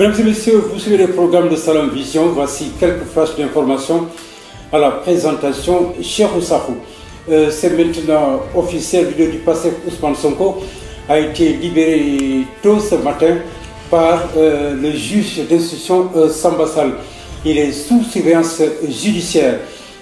Mesdames et messieurs, vous suivez le programme de Salam Vision. Voici quelques flashs d'informations à la présentation chez Roussakou. Euh, C'est maintenant officiel, le leader du passé Ousmane Sonko a été libéré tôt ce matin par euh, le juge d'instruction euh, Sambassal. Il est sous surveillance judiciaire.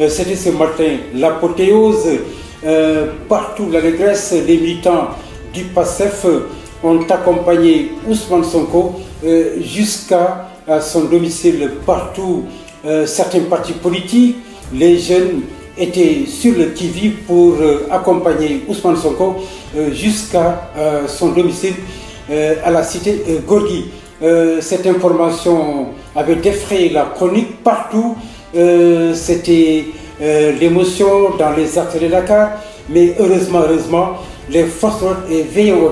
Euh, c'était ce matin l'apothéose. Euh, partout dans la Grèce, les militants du PASSEF ont accompagné Ousmane Sonko euh, jusqu'à son domicile partout. Euh, certains partis politiques, les jeunes étaient sur le qui pour euh, accompagner Ousmane Sonko jusqu'à son domicile à la cité Gorgui. cette information avait défrayé la chronique partout. C'était l'émotion dans les actes de Dakar. Mais heureusement, heureusement, les forces et veillent au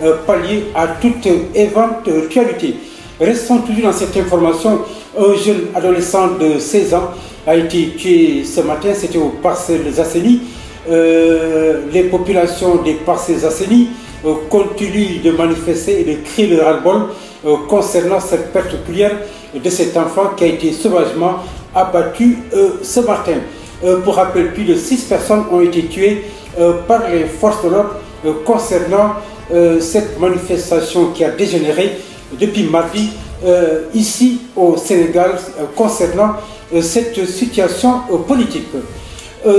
Euh, pallier à toute éventualité. Restons toujours dans cette information, un jeune adolescent de 16 ans a été tué ce matin, c'était au Parcelles Asseni. Euh, les populations des Parcelles Asseni euh, continuent de manifester et de crier le ras-le-bol euh, concernant cette particulière de cet enfant qui a été sauvagement abattu euh, ce matin. Euh, pour rappel, plus de 6 personnes ont été tuées par les forces de l'ordre Euh, concernant euh, cette manifestation qui a dégénéré depuis mardi euh, ici au Sénégal concernant cette situation politique.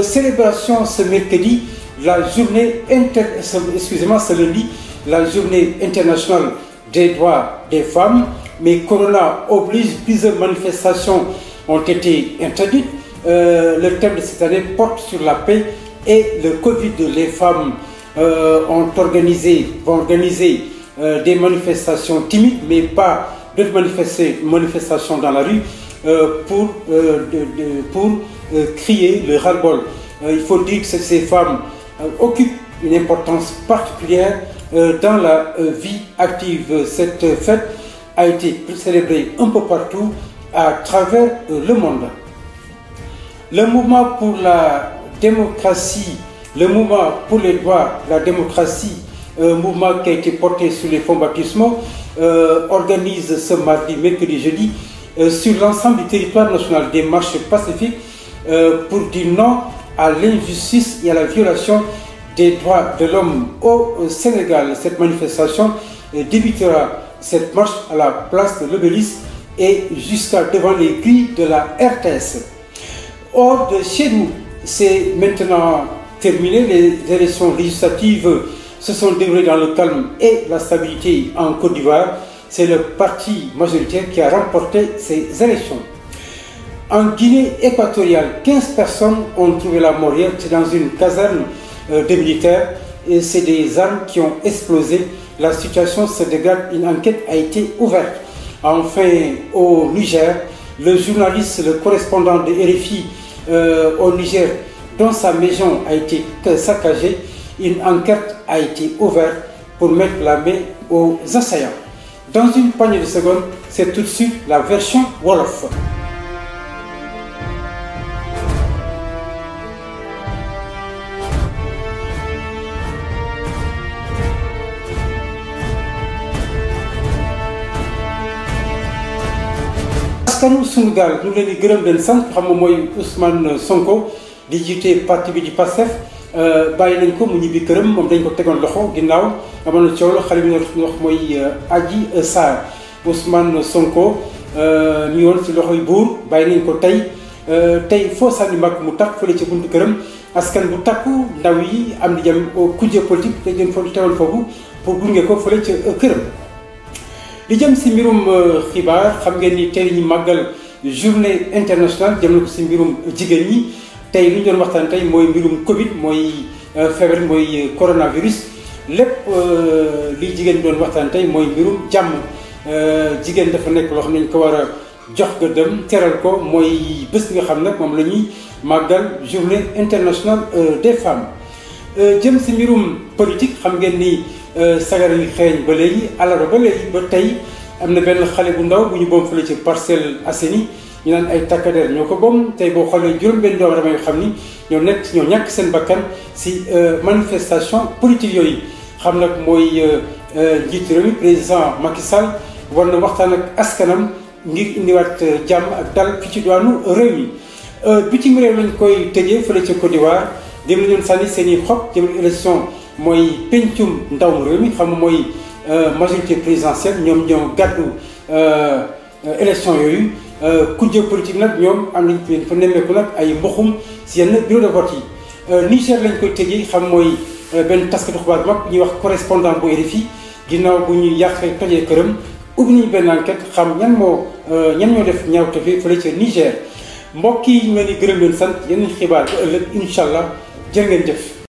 célébration ce mercredi, la journée inter... excusez-moi, c'est le lit, la journée internationale des droits des femmes, mais Corona oblige, plusieurs manifestations ont été interdites. Euh, le thème de cette année porte sur la paix et le Covid, les femmes Euh, ont organisé, vont organiser euh, des manifestations timides, mais pas d'autres manifestations dans la rue euh, pour, pour crier le ras-le-bol. il faut dire que ces femmes occupent une importance particulière dans la vie active. Cette fête a été célébrée un peu partout à travers le monde. Le mouvement pour la démocratie Le mouvement pour les droits, la démocratie, un mouvement qui a été porté sur les fonds baptismaux, euh, organise ce mardi, mercredi, jeudi, euh, sur l'ensemble du territoire national des marches pacifiques euh, pour dire non à l'injustice et à la violation des droits de l'homme au Sénégal. Cette manifestation euh, débutera cette marche à la place de l'obélisque et jusqu'à devant les grilles de la RTS. Hors de chez nous, c'est maintenant terminé, les élections législatives se sont déroulées dans le calme et la stabilité en Côte d'Ivoire. C'est le parti majoritaire qui a remporté ces élections. En Guinée équatoriale, quinze personnes ont trouvé la mort hier dans une caserne euh, de militaires et c'est des armes qui ont explosé. La situation se dégrade, une enquête a été ouverte. Enfin, au Niger, le journaliste, le correspondant de RFI euh, au Niger, dont sa maison a été saccagée, une enquête a été ouverte pour mettre la main aux assaillants. Dans une poignée de secondes, c'est tout de suite la version Wolof. leen di gërëm sant xam Sonko di jiite parti bi di Pastef euh, bàyyi nañ ko mu ñibbi këram moom dañ ko tegoon loxo ginnaaw amoon na coow la xale bi nga wax mooy euh, Adji Sarr Ousmane Sonko ñu euh, woon si loxo loxoy buur bàyyi nañ ko tey tey foo sànni mag mu takk fële ci buntu këram askan bu takku ndaw yi am di jam kujje politique dañ leen foofu teewal foofu pour gunge ko fële ci këram. li jëm si mbirum xibaar xam ngeen ni tey ñu màggal journée internationale dem na ko si mbirum jigéen ñi. tey li ñu doon waxtaan tey mooy mbirum Covid mooy euh, feebar mooy euh, coronavirus lépp euh, li jigéen doon waxtaan tey mooy mbirum jàmm jigéen dafa nekk loo xam ne ñu ko war a jox dem teral ko mooy bés bi nga xam nag moom lañuy ñuy màggal journée internationale des femmes jëm si mbirum politique xam ngeen ni sagar yi xeeñ ba léegi alarba ba léegi ba tey am na benn xale bu ndaw bu ñu boom fële ci Parcelles Assainies ñu ay takkadeer ñoo ko boom tey boo xoolee juróom-benn doomu aadama yoo xam ni ñoo nekk ñoo ñàkk seen bakkan si euh, manifestation politique yooyu xam nag mooy euh, euh, njiitu réew mi président Macky Sall war na waxtaan ak askanam ngir indiwaat jàmm ak dal fi ci doonu réew mi. bitim réew lañ koy tëjee fële ca Côte d'Ivoire dem nañu sànni seen i xob jëmale élection mooy ndaw ndawum réew mi xam mooy majorité présidentielle ñoom ñoo gàddu élection yooyu. Euh, kujje politique nag ñoom am nañ fi dafa nemmeeku nag ay mboxum si yenn bureau de vote yi euh, Niger lañ koy tëjee xam mooy euh, benn taskatu xibaar bu mag ñuy wax correspondant bu RFI ginnaaw bu ñu yàqee tojee këram ubbi nañu benn enquête xam ñan moo ñan ñoo def ñaawte fi fële ca Niger mbokk yi ñu leen di gërëm leen sant yenn xibaar bu ëllëg incha allah jërë ngeen jëf.